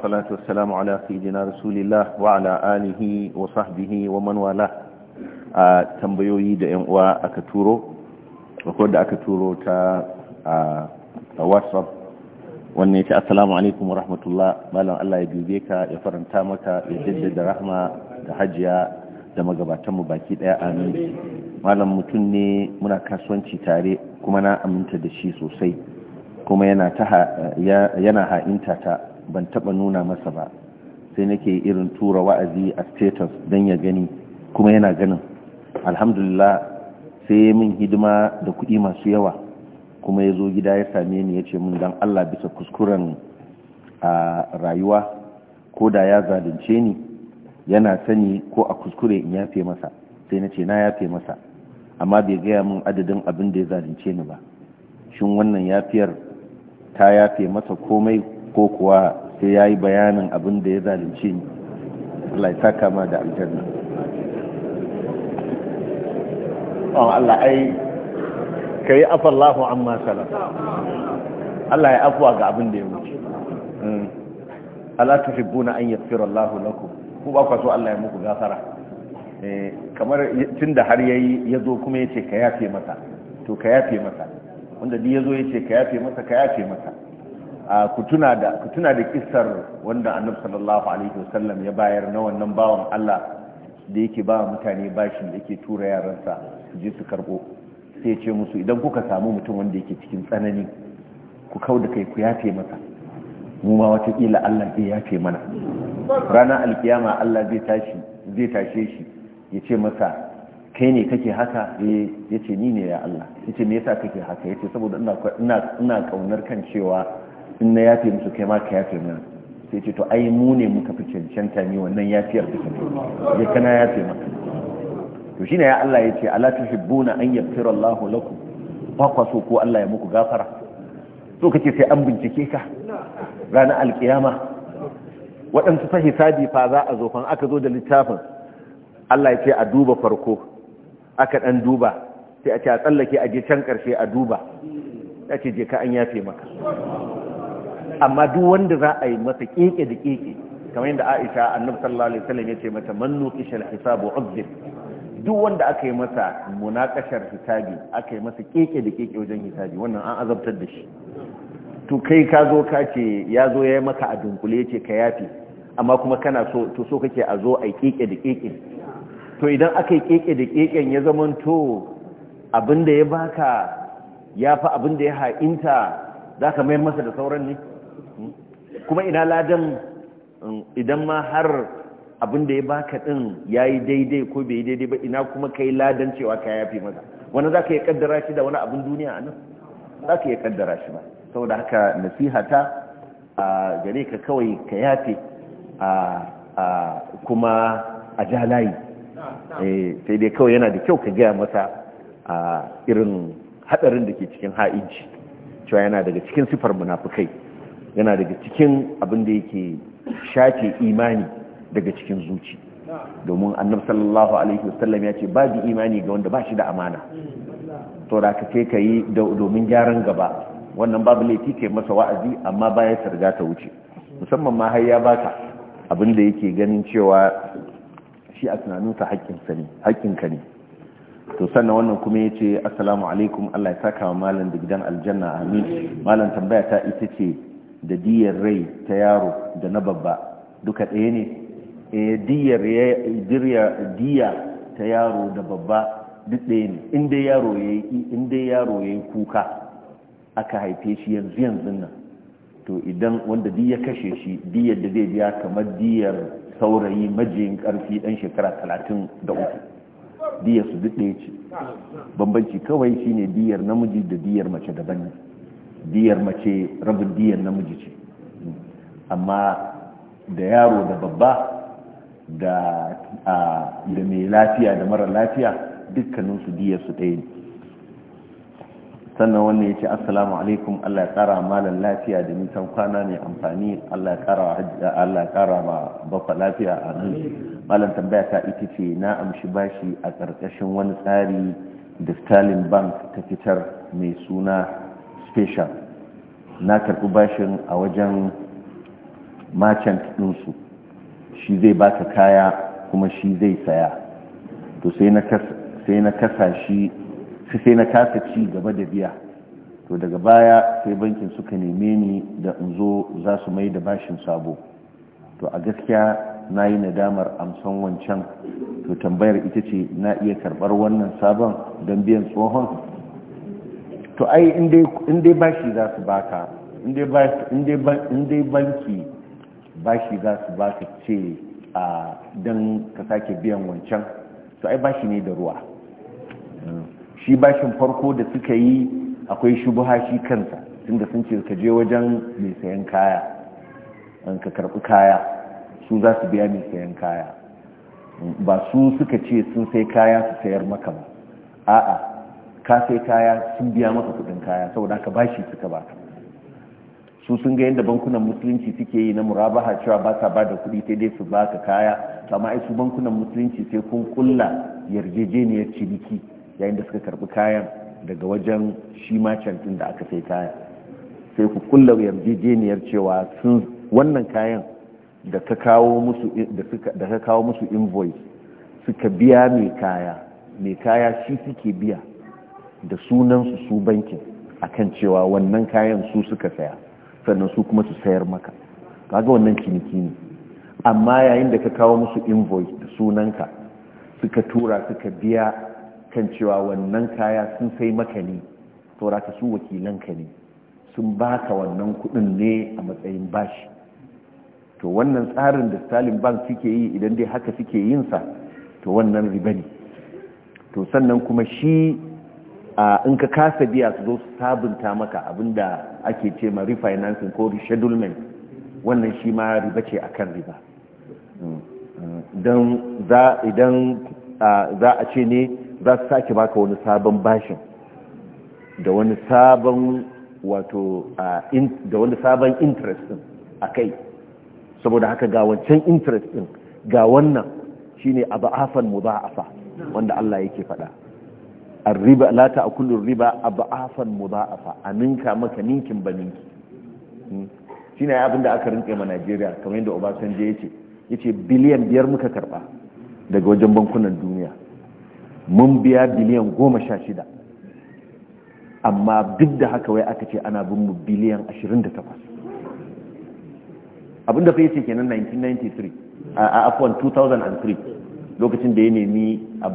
الصلاة والسلام wa ala alihi wa sahbihi wa man wala a tambayoyi da yan uwa aka turo ko da aka turo ta a WhatsApp wanne ta, assalamu alaikum wa rahmatullah malam Allah ya dube ka ya faranta maka ya jaddada rahma da hajiya da magabatan mu baki daya amin malam mutum ne muna kasuwanci tare kuma na aminta da shi sosai kuma yana ta yana ha'inta ta ban taba nuna masa ba sai nake irin tura wa'azi a status don ya gani kuma yana ganin alhamdulillah sai min hidima da kuɗi masu yawa kuma ya zo gida ya same ni ya ce mun don allah bisa kuskuren a rayuwa ko da ya zalunce ni yana sani ko a kuskure in yafe masa sai na ce na yafe masa amma bai gaya mun adadin abin da ya zalunce ni ba shin wannan yafiyar ta yafe masa komai ko kuwa sai ya yi bayanin abin da ya zalunce ni Allah ya saka ma da aljanna Allah ai ka yi afallahu amma salam Allah ya afuwa ga abin da ya wuce hmm. ala buna an yaghfira Allahu lakum ku ba ku so Allah ya muku gafara eh, kamar tunda har yayi yazo kuma yace ka yafe masa to ka yafe masa wanda duk yazo yace ka yafe masa ka yafe masa ku tuna da ku tuna da kissar wanda annabi sallallahu alaihi wasallam ya bayar na wannan bawan Allah da yake ba mutane bashin da yake tura yaransa su je su karbo sai ce musu idan kuka samu mutum wanda yake cikin tsanani ku kau da kai ku yafe masa mu ma kila Allah zai yafe mana ranar alkiyama Allah zai tashi zai tashe shi ya ce masa kai ne kake haka eh, ya ce ni ne ya Allah ya ce me yasa kake haka ya ce saboda ina kaunar kan cewa in na yafe musu kai ma ka yafe mana sai ce to ai mu ne muka fi cancanta ne wannan yafiyar da kuma ya kana yafe maka to shine ya Allah ya ce ala tuhibbuna an yaghfira Allahu lakum ba kwa so ko Allah ya muku gafara so kace sai an bincike ka ranar alkiyama waɗansu fa hisabi fa za a zo fa aka zo da littafin Allah ya ce a duba farko aka ɗan duba sai a ce a tsallake a je can ƙarshe a duba ya ce je ka an yafe maka amma duk wanda za a yi masa keke da keke kamar yadda Aisha annabi sallallahu alaihi wasallam ya ce mata man nuqisha al-hisabu duk wanda aka yi masa munakashar hisabi aka yi masa keke da keke wajen hisabi wannan an azabtar da shi to kai ka zo ka ce ya zo ya yi maka a dunkule ya ce ka yafe amma kuma kana so to so kake a zo a keke da keke to idan aka yi keke da keken ya zamanto abinda ya baka ya fi abinda ya ha'inta za ka mayan masa da sauran ne kuma ina ladan um, idan ma har abinda ya baka din ya yi daidai ko bai yi daidai ba ina kuma ka yi ladan cewa ka yafi masa wani za ka yi kaddara shi da wani abin duniya a nan za ka yi kaddara shi ba da haka nasihata a gare ka kawai ka yafe kuma a ja layi Eh, sai dai kawai yana da kyau ka gaya masa a irin hadarin da ke cikin ha'inci cewa yana daga cikin sifar munafukai yana daga cikin abin da yake shafe imani daga cikin zuci domin annabi sallallahu alaihi wasallam ya ce ba bi imani ga wanda ba shi da amana to da ka ce ka yi domin gyaran gaba wannan babu laifi ke masa wa'azi amma ba ya sarga ta wuce musamman ma har ya baka abin da yake ganin cewa shi a tunaninsa haƙƙin ne haƙƙinka ne to sannan wannan kuma ya ce assalamu alaikum Allah ya taka wa malam da gidan aljanna amin malam tambaya ta ita ce da diyar rai ta yaro da na babba duka ɗaya ne eh, diya ta yaro da babba duk ɗaya ne in yaro ya yi kuka aka haife shi yanzu yanzu nan to idan wanda diya kashe shi diyar da zai biya kamar diyar saurayi majiyin karfi dan shekara da uku diyar su duk ɗaya ce bambanci kawai shine diyar namiji da diyar mace daban ne diyar mace rabin diyar namiji ce amma da yaro da babba da mai lafiya da mara lafiya dukkaninsu diyar su ɗaya sannan wannan ya ce assalamu alaikum Allah ya kara malan lafiya da nisan kwana ne amfani Allah ya kara Allah ya kara ma bafa lafiya a nan malan tambaya ta ita ce na amshi bashi a ƙarƙashin wani tsari da Stalin Bank ta fitar mai suna special na karɓi bashin a wajen merchant ɗinsu shi zai baka kaya kuma shi zai saya to sai na kasa shi sai na kasa ci gaba da biya to daga baya sai bankin suka neme ni da in zo za su mai da bashin sabo to a gaskiya na yi nadamar amsan wancan to tambayar ita ce na iya karbar wannan sabon don biyan tsohon to ai dai bashi za su baka dai banki bashi za su baka ce a don ka sake biyan wancan to ai bashi ne da ruwa shi bashin farko da suka yi akwai shubuha shi kansa tunda sun ce ka je wajen mai sayan kaya an ka karbi kaya su za su biya mai sayan kaya ba su suka ce sun sai kaya su sayar maka ba a'a ka sai kaya sun biya maka kudin kaya saboda ka bashi suka baka su sun ga yadda bankunan musulunci suke yi na murabaha cewa ba sa ba da kuɗi sai dai su ba ka kaya amma ai bankunan musulunci sai kun kulla yarjejeniyar ciniki yayin da suka karbi kayan daga wajen shi merchant din da aka sai kaya sai ku kulla yarjejeniyar cewa sun wannan kayan da ka kawo musu da ka invoice suka biya mai kaya mai kaya shi suke biya da sunansu su bankin akan cewa wannan kayan su suka saya sannan su kuma su sayar maka kaga wannan ciniki ne amma yayin da ka kawo musu invoice da sunanka suka tura suka biya kan cewa wannan kaya sun sai maka ne ka su ka ne sun baka wannan kudin ne a matsayin bashi to wannan tsarin da stalin bank suke yi idan dai haka suke yinsa to wannan riba ne to sannan kuma shi a in ka kasa biya su zo su sabunta maka abinda ake ce ma refinancing ko reschedulement wannan shi ma riba ce akan riba mm, mm. idan za a ce ne za su sake baka wani sabon bashin da wani sabon wato da wani sabon interest din a kai saboda haka ga wancan interest din ga wannan shine a fa wanda Allah yake faɗa arriba la ta'kulu riba a fa. aminka maka ninkin baninki hmm? shine abin da aka rinke ma Najeriya kamar yadda Obasanjo yace yace biliyan biyar muka karba daga wajen bankunan duniya mun biya biliyan goma sha shida amma duk da haka wai aka ce ana bin mu biliyan ashirin da takwas abinda fa yace kenan 1993 a afwan 2003 lokacin da ya nemi a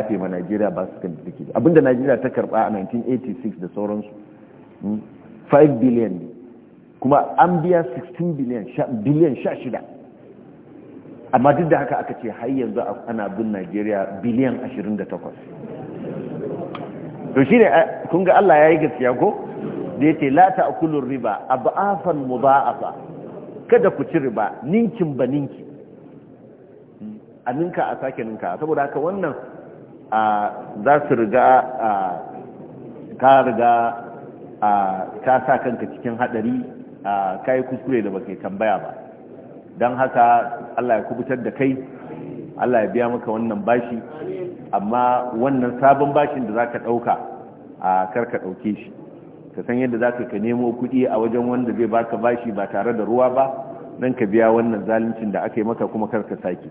yafe ma Najeriya ba su kan dake abinda Najeriya ta karba a 1986 da sauransu 5 hmm, ne, kuma an biya 16 biliyan sha shida. amma duk da haka aka ce har yanzu ana bin najeriya biliyan 28 to shine eh, kun ga allah ya yi gaskiya ko da ya la ta'kulu riba ab'afan mudha'afa kada ku ci riba ninkin ba ninki a ninka a sake ninka saboda haka wannan za su riga ka riga ka sa kanka cikin hadari ka yi kuskure da baka tambaya ba don haka Allah ya kubutar da kai Allah ya biya maka wannan bashi amma wannan sabon bashin da za ka ɗauka a karka ɗauke shi ka san yadda za ka nemo kuɗi a wajen wanda zai baka bashi ba tare da ruwa ba nan ka biya wannan zaluncin da aka yi maka kuma karka sake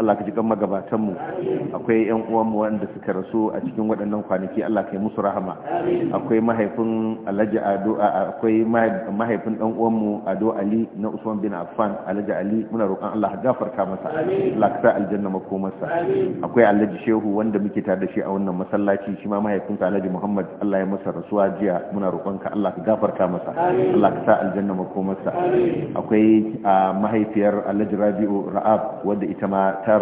Allah ka ji kan magabatanmu akwai yan uwanmu wanda suka rasu a cikin waɗannan kwanaki Allah ka yi musu rahama akwai mahaifin Alhaji Ado akwai mahaifin dan uwanmu Ado Ali na Usman bin Affan Alhaji Ali muna roƙon Allah ka gafarta masa Allah ka sa aljanna makomarsa akwai Alhaji Shehu wanda muke tare da shi a wannan masallaci shi ma ka Alhaji Muhammad Allah ya masa rasuwa jiya muna roƙon ka Allah ka gafarta masa Allah ka sa aljanna makomarsa akwai mahaifiyar Alhaji Rabi'u Ra'ab wanda ita ma ta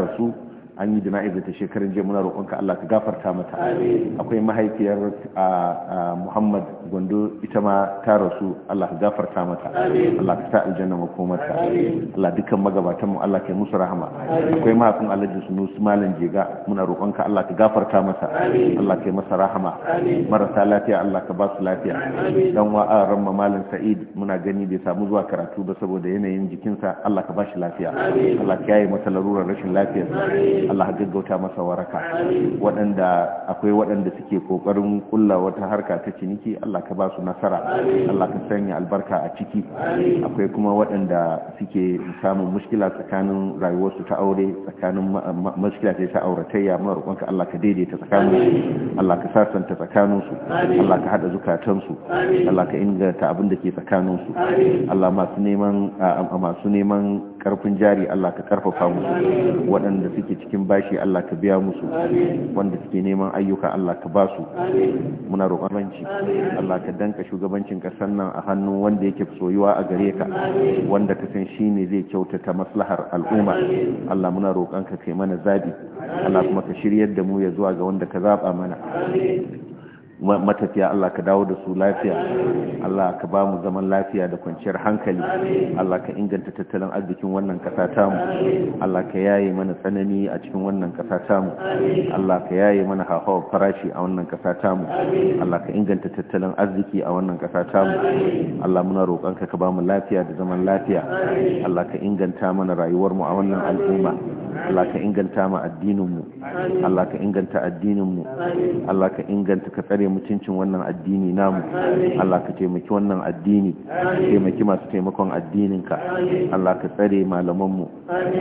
an yi jana'izar ta shekarun jiya muna roƙonka Allah ka gafarta mata akwai mahaifiyar Muhammad Gondo ita ma ta rasu Allah ka gafarta mata Allah ka sa aljanna makomarta Allah dukkan magabatanmu Allah ka yi musu rahama akwai mahaifin Alhaji Sunus Malam Jega muna roƙonka Allah ka gafarta mata Allah ka yi masa rahama marasa lafiya Allah ka ba su lafiya dan wa ramma Malam Sa'id muna gani bai samu zuwa karatu ba saboda yanayin jikinsa Allah ka ba shi lafiya Allah ka yi masa larurar rashin lafiya Allah gaggauta masa waraka waɗanda akwai waɗanda suke kokarin kulla wata harka ta ciniki Allah ka ba su nasara Allah ka sanya albarka a ciki akwai kuma waɗanda suke samun mushkila tsakanin rayuwarsu ta aure tsakanin mushkila ta auratayya mu roƙonka Allah ka daidaita tsakanin Allah ka sasanta tsakanin su Allah ka hada zukatan su Allah ka inganta abin da ke tsakanin su Allah masu neman masu neman karfin jari Allah ka karfafa musu waɗanda suke cikin cikin bashi Allah ka biya musu wanda suke neman ayyuka Allah ka ba su muna roƙonci Allah ka danka shugabancin ƙasar nan a hannun wanda yake soyuwa a gare ka wanda ka san shi ne zai kyautata maslahar al'umma Allah muna roƙonka ka kai mana zabi Allah kuma ka shiryar da mu ya zuwa ga wanda ka zaba mana matafiya Allah ka dawo da su lafiya Allah ka ba mu zaman lafiya da kwanciyar hankali Allah ka inganta tattalin arzikin wannan kasa tamu Allah ka yaye mana tsanani a cikin wannan kasa tamu Allah ka yaye mana hauhawar farashi a wannan kasa tamu Allah ka inganta tattalin arziki a wannan kasa tamu Allah muna ka ka ba mu lafiya da zaman lafiya Allah ka inganta mana rayuwar mu a wannan al'umma Allah ka inganta ma addininmu Allah ka inganta addininmu Allah ka inganta ka tsare mutuncin wannan addini namu Allah ka taimaki wannan addini taimaki masu taimakon addininka Allah ka tsare malamanmu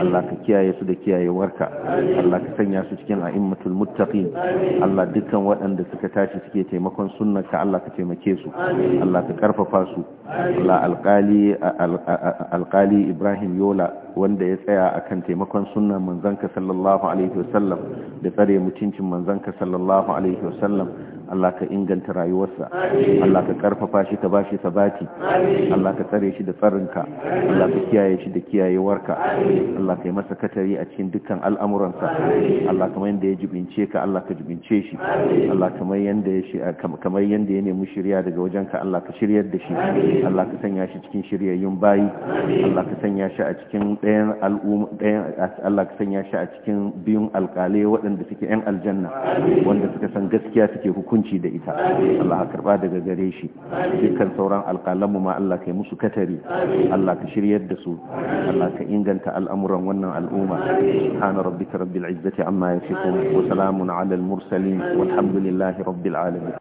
Allah ka kiyaye su da kiyayewarka Allah ka sanya su cikin a'immatul muttaqin Allah dukkan waɗanda suka tashi suke taimakon sunnarka Allah ka taimake su Allah ka karfafa su Allah alƙali alƙali Ibrahim Yola wanda ya tsaya a kan taimakon sunnan manzanka sallallahu alaihi wasallam da tsare mutuncin manzanka sallallahu alaihi wasallam Allah ka inganta rayuwarsa Allah ka karfafa shi ka bashi sabati Allah ka tsare shi da tsarinka Allah ka kiyaye shi da kiyayewarka Allah ka yi masa katari a cikin dukkan al'amuransa Allah kamar yanda ya jibince ka Allah ka jibince shi Allah kamar yanda ya kamar yanda ya nemi shirya daga wajenka Allah ka shiryar da shi Allah ka sanya shi cikin shiryayyun bayi Allah ka sanya shi a cikin ɗayan al'umma ɗayan Allah ka sanya shi a cikin biyun alƙalai waɗanda suke 'yan aljanna wanda suka san gaskiya suke hukunci hukunci da ita Allah a karba daga gare shi dukkan sauran alƙalanmu ma Allah ka yi musu katari Allah ka shiryar da su Allah ka inganta al'amuran wannan al'umma subhana rabbika rabbil izzati amma yasifun wa salamun ala al mursalin walhamdulillahi rabbil alamin